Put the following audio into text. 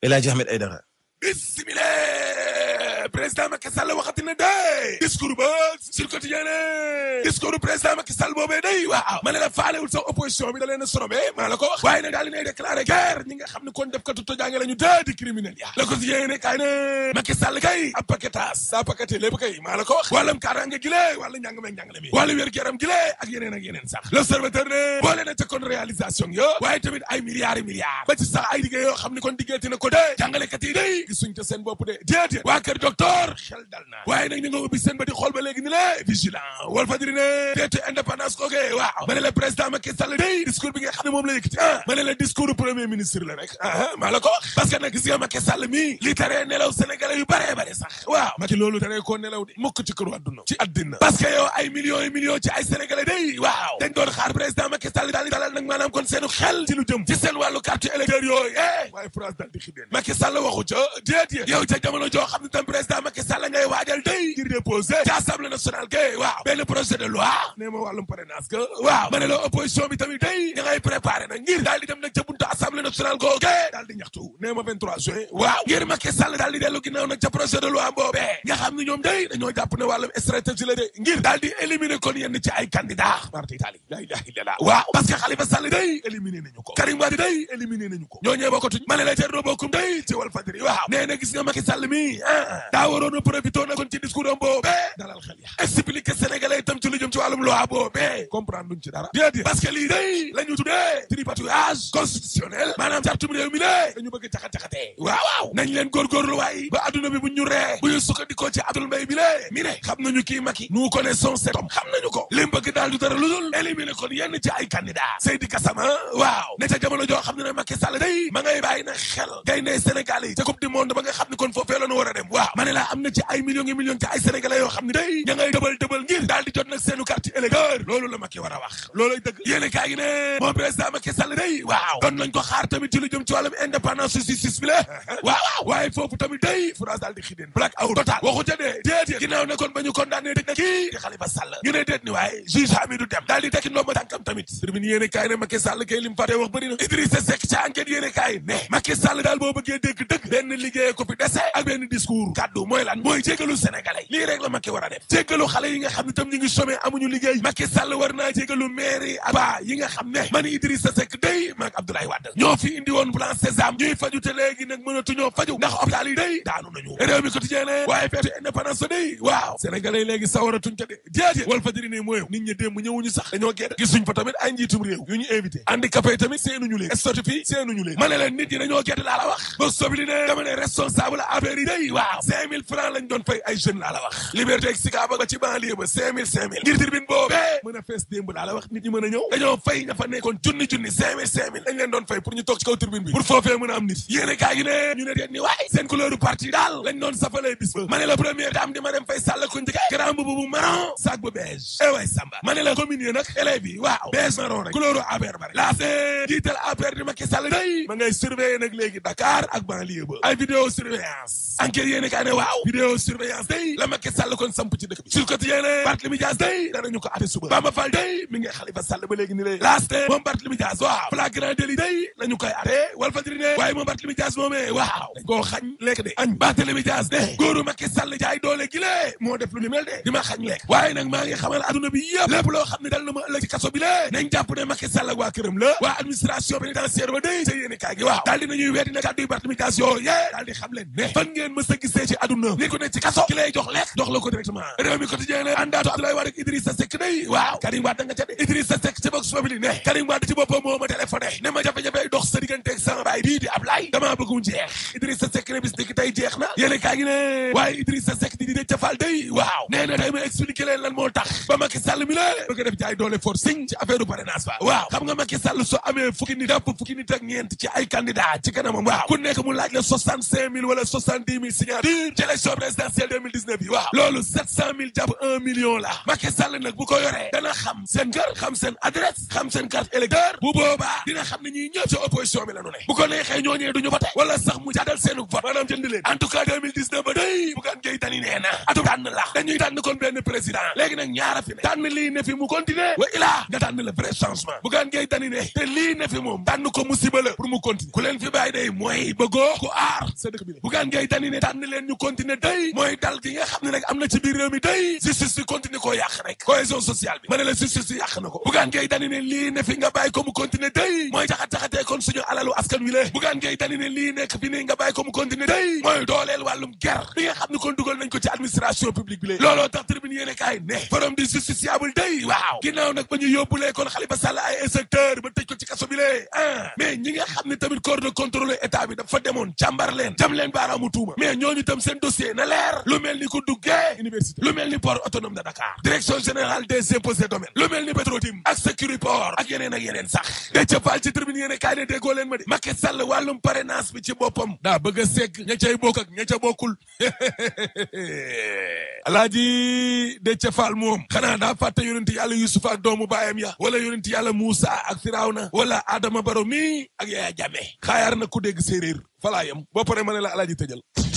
El Hadj Ahmed Aidara bismillah président Macky Sall waxati na discours ba sur quotidien discours président Macky Sall boobee day waaw ma ne la sa opposition bi da leen a sorobee ko wax waaye nag daal di guerre ñi xam ne kon def katu tojaange la ñu dee di criminel ya la quotidien ne kaay ne Macky Sall kay ab paquetage saa paqueté lépp kay maa la ko wax wàllam kaaraange gi lee wàllu njàng meeg njàngale mi wàllu wér-gu-yaram gi lee ak yeneen ak yeneen sax l'observateur ne kon réalisation yo waaye tamit ay docteur xel dal na waaye nag ñu nga seen ba di xool ba léegi ni la vigilant wal fajiri ne déetu indépendance kookee ma ne la président Macky Sall day discours bi nga xam ne moom ah. ma ne la discours premier ministre la rek ah, ah, maa la ko wax parce que nag gis nga Macky Sall mii li taree nelaw sénégalais yu baree bare sax ma loolu tere nelaw di mukk ci këru adduna ci addina parce que ay millions yi millions ci ay sénégalais day waaw dañ doon xaar président Macky Sall daal di dalal ci eh. waaw benn projet de loi nee ma wàllum parrainage que waaw ma ne opposition bi tamit day da ngay préparé nag ngir daal di dem nag ca buntu assemblée nationale koo daal di ñaxtu nee ma 23 juin waaw ngir Macky Sall daal di dellu ginnaaw nag ca projet de loi boobee boobee nga xam ne ñoom day dañoo jàpp ne wàllum stratégie la ngir daal di éliminer kon yenn ci ay candidat parti Italie la ilaha waaw parce que Khalifa Sall day éliminer nañu ko Karim Wade day éliminer nañu ko ñooñee bokkatuñ ma ne la Thierno Bocoum day ci Walf Fadjri waaw nee gis nga Macky Sall mi ah daa waroon a kon ci discours am dalal xel ya expliquer sénégalais wàllum loi boobee comprendre duñ ci dara déedéet parce lii day la ñu tuddee constitutionnel maanaam sartum réew mi lée dañu bëgg caxat-caxatee waaw waaw nañ leen góorgóorlu waay ba adduna bi buñ ñu ree bu ñu sukkandikoo ci Abdoul Mbaye bi lée mi ne xam nañu kii Macky nous connaissons cet homme xam nañu ko li bëgg daal du dara lu dul éliminer kon yenn ci ay candidat Seydi Gassama waaw ne ca jamono waaw ma ci ay millions et millions ci ay sénégalais yoo xam ne day parti élégeur loolu la Macky war a wax loolay dëgg yéene kaay gi ne moom président Macky Sall waaw doon nañ ko xaar tamit ci lu jëm ci wàllum indépendance justice bi la waaw waaw waaye foofu tamit day France daal di xideen black out total waxu ca dee déedéet ginnaaw ne kon ba ñu condamné kii di Khalifa Sall ñu ni waaye juge Hamidou Dem daal di tekki ndomba tànkam tamit tribune yéene ne Macky Sall kay li mu wax bëri na Idrissa Seck ca enquête ne Macky Sall daal boo bëggee dégg dëgg benn liggéeyee ko fi dese ak benn discours kaddu mooy lan mooy jéggalu sénégalais lii rek la Macky war a def jéggalu yi nga xam ne tam ñu ngi chômé amuñu liggéey Macky ñoo fi indi woon plan Sésame ñuy faju te léegi nag mënatuñoo faju ndax hôpital yi waratuñ ca de déedéet wal fajiri ne mooyow nit ñi démb ñëwuñu sax dañoo gedd gisuñ fa tamit ay njiitum réew yu ñu invité handicapé yi tamit seenuñu leen statifi seenuñu leen ma ne leen nit ñi dañoo gedd laa la wax ba sobli ne dama ne responsable affaire yi day waaw cinq mille francs lañ doon fay ay jeunes laa la wax liberté ak sikaaba ba ci banlieue ba cinq mille cinq mille ngir tribune boobee eh, mën a fees démb laa la wax nit ñi mën a ñëw dañoo fay ña fa nekkoon junni junni cinq mille cinq mille dañ leen doon fay pour ñu toog ci kaw tribune bi pour foofee mën a am nit yéene kaa gi ne ñu ne teen ni waay seen couleur parti daal lañ doon safalee bis ba ma ne la première dame di ma dem fay sàll ko njëkk bu marron sac bu beige eh way Samba ma ne la commune yi nag élèves yi waaw beige marron rek couleur APR bare laa see jiital APR di Macky Sall day ma ngay surveiller nag léegi Dakar ak banlieue ba ay vidéo surveillance enquête yéene ka ne waaw vidéo surveillance day la Macky Sall kon samp ci dëkk bi sur côté yéene Barthélémy Dias day danañu ko atte suba Bamba Fall day mi ngi Khalifa Sall ba léegi ni lay laaste moom Barthélémy Dias waaw flagrant délit day lañu koy atte Walf Fadjri ne waaye moom Barthélémy Dias moomee waaw dañ koo xañ lekk de añ Barthélémy Dias ne góoru Macky Sall jaay doole gi lee moo def lu ni mel de a xañ lekk waaye nag maa ngi xamal adduna bi yëpp loo xam ne dal na ma ëllëg ci kaso bi lée nañ jàpp ne Macky Sall ak waa këram la waa administration pénitentiaire ba day sa yéene kaay waaw daal di nañuy weddi na kàddu yu Barthélemy yoo yee daal di xam leen ne fan ngeen mës a ci adduna nit ku ne ci kaso ki lay jox lekk jox la ko directement réew mi quotidien ne àndaatu Abdoulaye Wade ak Idrissa Seck day waaw Karim Wade da ci box family ne Karim ne ma jafe-jafe dox sa kaay ma expliqué leen lan moo tax ba Macky Sall mi la bëgg def jaay doole forcing ci affaire parrainage ba waaw xam nga Macky Sall soo amee fukki nit dàpp fukki nit ak ñeent ci ay candidat ci kanamam waaw ku nekk mu laaj la soixante cinq mille wala soixante dix mille deux mille dix neuf yi waaw loolu sept cent mille jàpp un million la Macky Sall nag bu ko yoree dana xam seen kër xam seen adresse xam seen carte bu boobaa dina xam ne ñuy ñu ne wala sax mu jàddal seenu vote maanaam jënd leen en tout cas deux doon benn président léegi ne wa ilaa nga tànn ko mu continuer day mooy dal gi nga xam ne am na ci biir mi day justice bi continuer koo yàq rek cohésion sociale bi la justice bi yàq na ko buggaan ngay tani ne fi nga bàyyi ko mu continuer day mooy jaxat-jaxatee kon fi nga xam ne kon dugal nañ ko ci administration publique bi tribune yéen kaay ne forum du justiciable day waaw ginnaaw nag ba ñu yóbbulee kon Khalifa Sall ay inspecteur ba tëj ci kaso bi lee ah mais ñi nga xam ne tamit corps de contrôle état bi dafa demoon càmbar leen jam leen baaraamu tuuma mais ñooñu tam seen na leer lu mel ni ko duggee université lu mel ni port autonome de Dakar direction générale des impôts et domaines lu mel ni Petrotim ak Securiport ak yeneen ak yeneen sax de cëpal ci tribune yéen kaay ne déggoo de Fall moom xanaa daa fàtte yonent yàlla Yusuf ak doomu baayam ya wala yonent yàlla Moussa ak Firawna wala Adama Baro mi ak Yaya Jammeh xaayaar na ku dégg séeréer falaa yam boo paree ma ne la alaaji tëjal